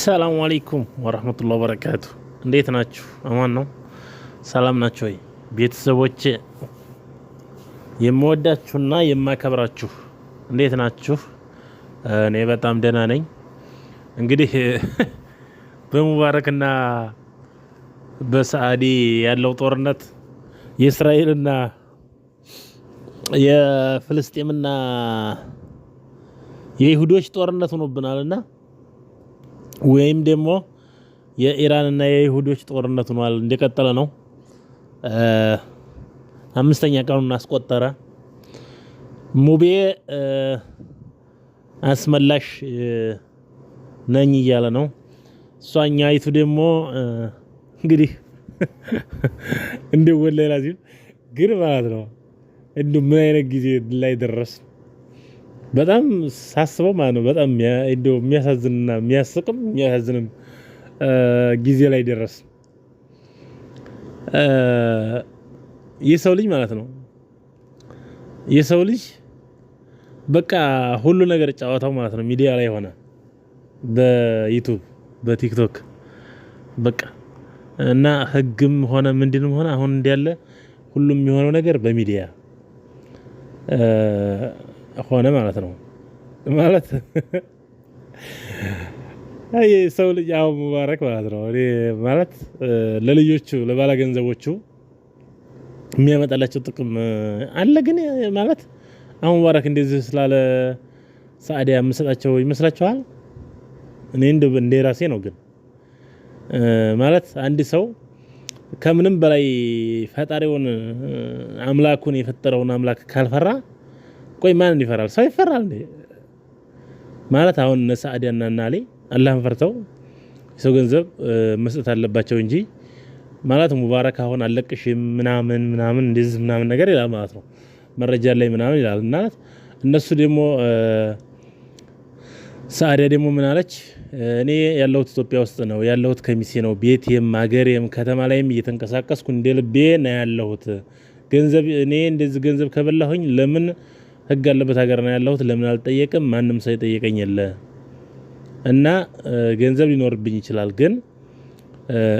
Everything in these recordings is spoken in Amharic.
ሰላም አለይኩም ወረህመቱላህ በረካቱ። እንዴት ናችሁ? አማን ነው? ሰላም ናችሁ ወይ ቤተሰቦች የምወዳችሁና የማከብራችሁ እንዴት ናችሁ? እኔ በጣም ደህና ነኝ። እንግዲህ በሙባረክና በሰአዲ ያለው ጦርነት የእስራኤልና የፍልስጤምና የይሁዶች ጦርነት ሆኖብናል እና ወይም ደግሞ እና የይሁዶች ጦርነት ሆኗል፣ እንደቀጠለ ነው። አምስተኛ ቀኑን አስቆጠረ። ሙቤ አስመላሽ ነኝ እያለ ነው። አይቱ ደግሞ እንግዲህ እንደወለላ ሲል ግን ማለት ነው እንዱ ምን አይነት ጊዜ ላይ ደረስን? በጣም ሳስበው ማለት ነው በጣም እንደው የሚያሳዝንና የሚያስቅም የሚያሳዝንም ጊዜ ላይ ደረስ። የሰው ልጅ ማለት ነው የሰው ልጅ በቃ ሁሉ ነገር ጫወታው ማለት ነው ሚዲያ ላይ ሆነ፣ በዩቱብ በቲክቶክ በቃ እና ህግም ሆነ ምንድንም ሆነ አሁን እንዲያለ ሁሉም የሚሆነው ነገር በሚዲያ ሆነ ማለት ነው። ማለት ሰው ልጅ አሁን ሙባረክ ማለት ነው ማለት ለልጆቹ ለባለገንዘቦቹ የሚያመጣላቸው ጥቅም አለ። ግን ማለት አሁን ሙባረክ እንደዚህ ስላለ ሳዕዲያ የምሰጣቸው ይመስላችኋል? እኔ እንደ ራሴ ነው። ግን ማለት አንድ ሰው ከምንም በላይ ፈጣሪውን አምላኩን የፈጠረውን አምላክ ካልፈራ ቆይ ማንን ይፈራል? ሰው ይፈራል እንዴ? ማለት አሁን እነ ሰአዲያና እና አሊ አላህን ፈርተው የሰው ገንዘብ መስጠት አለባቸው እንጂ ማለት ሙባረክ አሁን አለቅሽ ምናምን ምናምን እንደዚህ ምናምን ነገር ይላል ማለት ነው። መረጃ ላይ ምናምን ይላል እና እነሱ ደግሞ ሰአዲያ ደግሞ ምን አለች? እኔ ያለሁት ኢትዮጵያ ውስጥ ነው ያለሁት ከሚሴ ነው ቤቴም የም ከተማ ላይም እየተንቀሳቀስኩ እንደ ልቤ ነው ያለሁት። ገንዘብ እኔ እንደዚህ ገንዘብ ከበላሁኝ ለምን ህግ ያለበት ሀገር ነው ያለሁት። ለምን አልጠየቅም? ማንም ሰው የጠየቀኝ የለ እና ገንዘብ ሊኖርብኝ ይችላል፣ ግን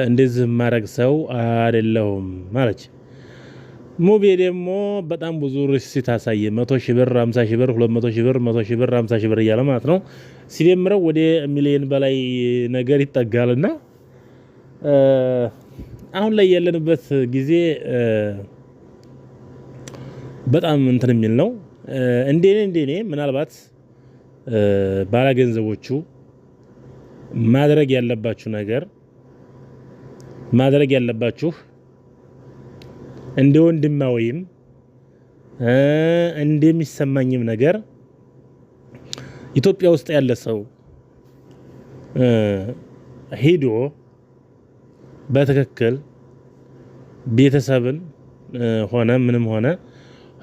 እንደዚህ ማድረግ ሰው አይደለሁም ማለች። ሙቤ ደግሞ በጣም ብዙ ሪሲት አሳየ። መቶ ሺህ ብር፣ አምሳ ሺህ ብር፣ ሁለት መቶ ሺህ ብር፣ መቶ ሺህ ብር፣ አምሳ ሺህ ብር እያለ ማለት ነው። ሲደምረው ወደ ሚሊዮን በላይ ነገር ይጠጋልና አሁን ላይ ያለንበት ጊዜ በጣም እንትን የሚል ነው። እንደኔ እንደኔ ምናልባት ባለገንዘቦቹ ማድረግ ያለባችሁ ነገር ማድረግ ያለባችሁ እንደ ወንድማዊም እንደሚሰማኝም ነገር ኢትዮጵያ ውስጥ ያለ ሰው ሄዶ በትክክል ቤተሰብን ሆነ ምንም ሆነ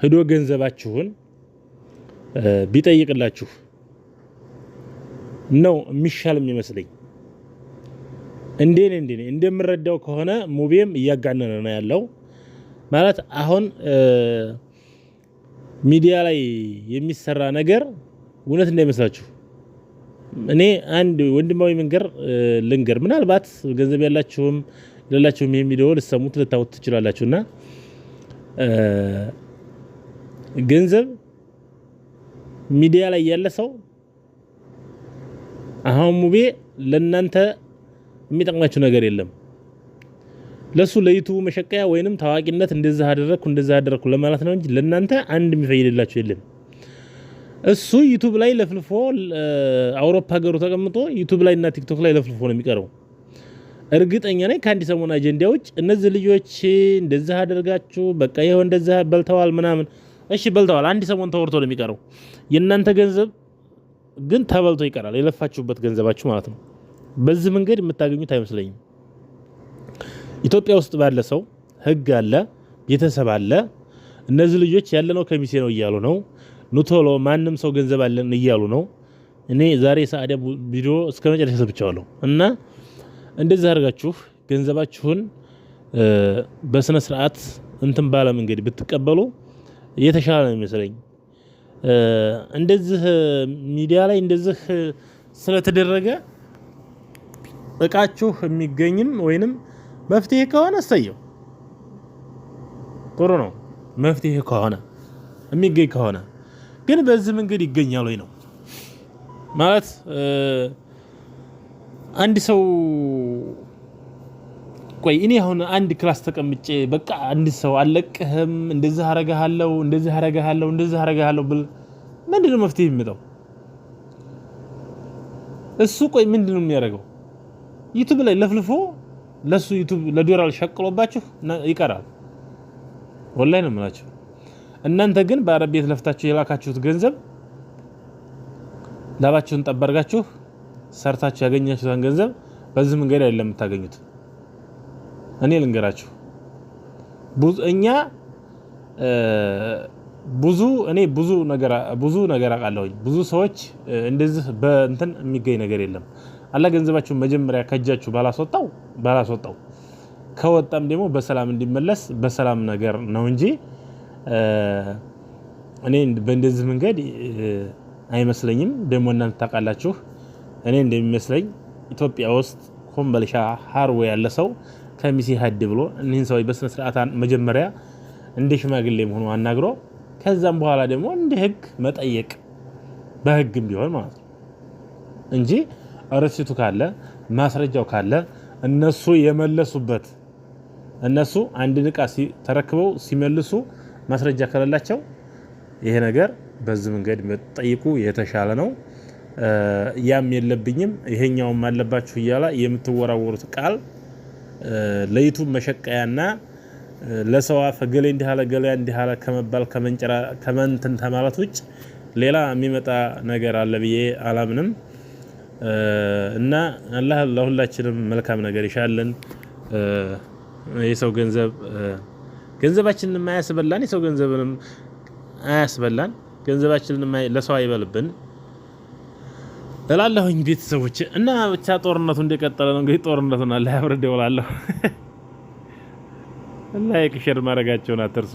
ሄዶ ገንዘባችሁን ቢጠይቅላችሁ ነው የሚሻል የሚመስለኝ። እንዴኔ እንዴ እንደምረዳው ከሆነ ሙቤም እያጋነነ ነው ያለው ማለት አሁን ሚዲያ ላይ የሚሰራ ነገር እውነት እንዳይመስላችሁ። እኔ አንድ ወንድማዊ መንገር ልንገር። ምናልባት ገንዘብ ያላችሁም ሌላችሁም ይህም ቪዲዮ ልሰሙት ልታወት ትችላላችሁ እና ገንዘብ ሚዲያ ላይ ያለ ሰው አሁን ሙቤ ለእናንተ የሚጠቅማችሁ ነገር የለም። ለሱ ለዩቱቡ መሸቀያ ወይንም ታዋቂነት እንደዛ አደረግኩ እንደዛ አደረግኩ ለማለት ነው እንጂ ለእናንተ አንድ የሚፈይድላችሁ የለም። እሱ ዩቱብ ላይ ለፍልፎ አውሮፓ ሀገሩ ተቀምጦ ዩቱብ ላይ እና ቲክቶክ ላይ ለፍልፎ ነው የሚቀረው። እርግጠኛ ነኝ ከአንድ ሰሞን አጀንዳዎች እነዚህ ልጆች እንደዚህ አደርጋችሁ በቃ ይኸው እንደዚህ በልተዋል ምናምን እሺ በልተዋል። አንድ ሰሞን ተወርቶ ነው የሚቀረው። የእናንተ ገንዘብ ግን ተበልቶ ይቀራል። የለፋችሁበት ገንዘባችሁ ማለት ነው። በዚህ መንገድ የምታገኙት አይመስለኝም። ኢትዮጵያ ውስጥ ባለ ሰው ህግ አለ፣ ቤተሰብ አለ። እነዚህ ልጆች ያለነው ከሚሴ ነው እያሉ ነው። ኑቶሎ ማንም ሰው ገንዘብ አለን እያሉ ነው። እኔ ዛሬ የሰአዳ ቪዲዮ እስከ መጨረሻ ሰብቻዋለሁ እና እንደዚህ አድርጋችሁ ገንዘባችሁን በስነ ስርዓት እንትን ባለ መንገድ ብትቀበሉ እየተሻለ ነው የሚመስለኝ። እንደዚህ ሚዲያ ላይ እንደዚህ ስለተደረገ እቃችሁ የሚገኝም ወይንም መፍትሄ ከሆነ እሰየው፣ ጥሩ ነው። መፍትሄ ከሆነ የሚገኝ ከሆነ ግን በዚህ መንገድ ይገኛል ወይ ነው ማለት አንድ ሰው ቆይ እኔ አሁን አንድ ክላስ ተቀምጬ በቃ አንድ ሰው አለቅህም፣ እንደዚህ አረጋሃለሁ፣ እንደዚህ አረጋሃለሁ፣ እንደዚህ አረጋሃለሁ ብል ምንድን ነው መፍትሄ የሚመጣው? እሱ ቆይ ምንድን ነው የሚያደርገው? ዩቱብ ላይ ለፍልፎ ለሱ ዩቱብ ለዶላር ሸቅሎባችሁ ይቀራል። ወላሂ ነው የምላችሁ። እናንተ ግን በአረብ ቤት ለፍታችሁ የላካችሁት ገንዘብ ላባችሁን ጠበርጋችሁ ሰርታችሁ ያገኛችሁትን ገንዘብ በዚህ መንገድ አይደለም የምታገኙት። እኔ ልንገራችሁ እኛ ብዙ እኔ ብዙ ነገር ብዙ ነገር አውቃለሁኝ። ብዙ ሰዎች እንደዚህ በእንትን የሚገኝ ነገር የለም። አላ ገንዘባችሁ መጀመሪያ ከእጃችሁ ባላስወጣው ባላስወጣው ከወጣም ደግሞ በሰላም እንዲመለስ በሰላም ነገር ነው እንጂ እኔ በእንደዚህ መንገድ አይመስለኝም። ደግሞ እናንተ ታውቃላችሁ። እኔ እንደሚመስለኝ ኢትዮጵያ ውስጥ ኮምበልሻ ሀርዌ ያለ ሰው ከሚሴ ሀድ ብሎ እኒህን ሰው በስነ ስርዓት መጀመሪያ እንደ ሽማግሌ መሆኑ አናግሮ ከዛም በኋላ ደግሞ እንደ ህግ መጠየቅ በህግም ቢሆን ማለት ነው እንጂ ረሲቱ ካለ ማስረጃው ካለ እነሱ የመለሱበት እነሱ አንድን እቃ ተረክበው ሲመልሱ ማስረጃ ከሌላቸው ይሄ ነገር በዚህ መንገድ መጠይቁ የተሻለ ነው። ያም የለብኝም ይሄኛውም አለባችሁ እያላ የምትወራወሩት ቃል ለዩቱብ መሸቀያና ለሰው አፍ እገሌ እንዲህ አለ እገሌ እንዲህ አለ ከመባል ከመንጨራ ከመንትን ተማላት ውጭ ሌላ የሚመጣ ነገር አለ ብዬ አላምንም እና አላህ ለሁላችንም መልካም ነገር ይሻለን። የሰው ገንዘብ ገንዘባችንንም አያስበላን፣ የሰው ገንዘብንም አያስበላን፣ ገንዘባችንንም ለሰው አይበልብን። እላለሁኝ ቤተሰቦች እና ብቻ ጦርነቱ እንደቀጠለ ነው። እንግዲህ ጦርነቱን አለ ያብረድ ይውላለሁ። ላይክ ሼር ማድረጋቸውን አትርሱ።